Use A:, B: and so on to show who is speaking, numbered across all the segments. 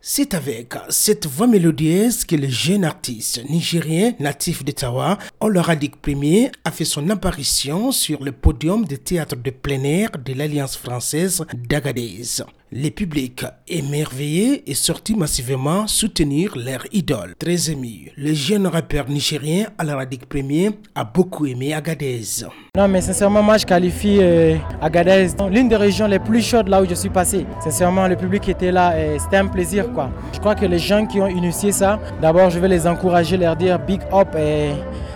A: c'est avec cette voix mélodieuse que le jeune artiste nigérien natif d'Ottawa, Oloradik Premier, a fait son apparition sur le podium des théâtre de plein air de l'Alliance française d'Agadez. Les publics émerveillés et sortis massivement soutenir leur idole. Très ému, le jeune rappeur nigérien radique Premier a beaucoup aimé Agadez.
B: Non mais sincèrement moi je qualifie euh, Agadez l'une des régions les plus chaudes là où je suis passé. Sincèrement le public était là et euh, c'était un plaisir quoi. Je crois que les gens qui ont initié ça, d'abord je vais les encourager, leur dire big up et euh,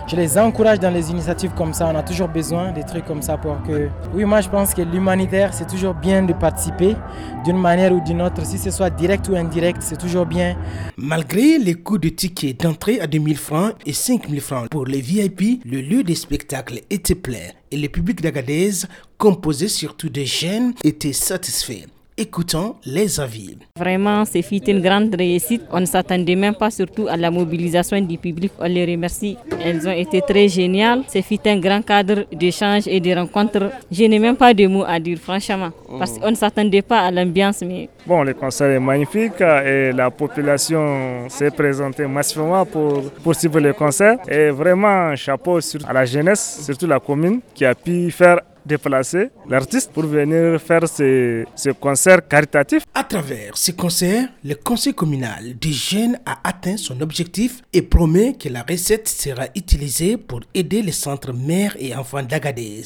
B: je les encourage dans les initiatives comme ça. On a toujours besoin des trucs comme ça pour que. Oui, moi je pense que l'humanitaire, c'est toujours bien de participer d'une manière ou d'une autre, si ce soit direct ou indirect, c'est toujours bien. Malgré les coûts de tickets
A: d'entrée à 2000 francs et 5000 francs pour les VIP, le lieu des spectacles était plein et le public d'Agadez, composé surtout de jeunes, était satisfait. Écoutons les avis.
C: Vraiment, c'est une grande réussite. On ne s'attendait même pas surtout à la mobilisation du public. On les remercie. Elles ont été très géniales. C'est un grand cadre d'échanges et de rencontres. Je n'ai même pas de mots à dire, franchement, parce qu'on ne s'attendait pas à l'ambiance. Mais...
D: Bon, le concert est magnifique euh, et la population s'est présentée massivement pour suivre le concert. Et vraiment, chapeau à la jeunesse, surtout la commune, qui a pu faire déplacer l'artiste pour venir faire ce, concert caritatif.
A: À travers ce concert, le conseil communal des jeunes a atteint son objectif et promet que la recette sera utilisée pour aider les centres mères et enfants d'Agadez.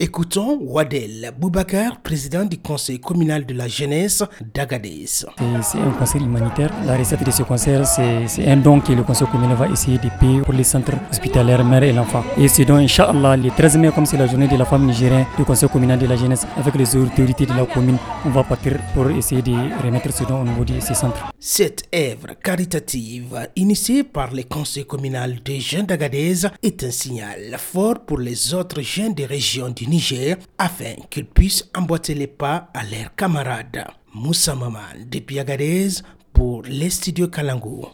A: Écoutons Wadel Boubacar, président du conseil communal de la jeunesse d'Agadez.
E: C'est un conseil humanitaire. La recette de ce concert, c'est un don que le conseil communal va essayer de payer pour les centres hospitaliers mères et l'enfant. Et c'est donc, Inch'Allah, le 13 mai, comme c'est la journée de la femme nigérienne, le du conseil communal de la jeunesse avec les autorités de la commune. On va partir pour essayer de remettre ce don au niveau de ces centres.
A: Cette œuvre caritative initiée par le conseil communal des jeunes d'Agadez est un signal fort pour les autres jeunes des régions du Niger afin qu'ils puissent emboîter les pas à leurs camarades. Moussa Maman, depuis Agadez, pour les studios Kalango.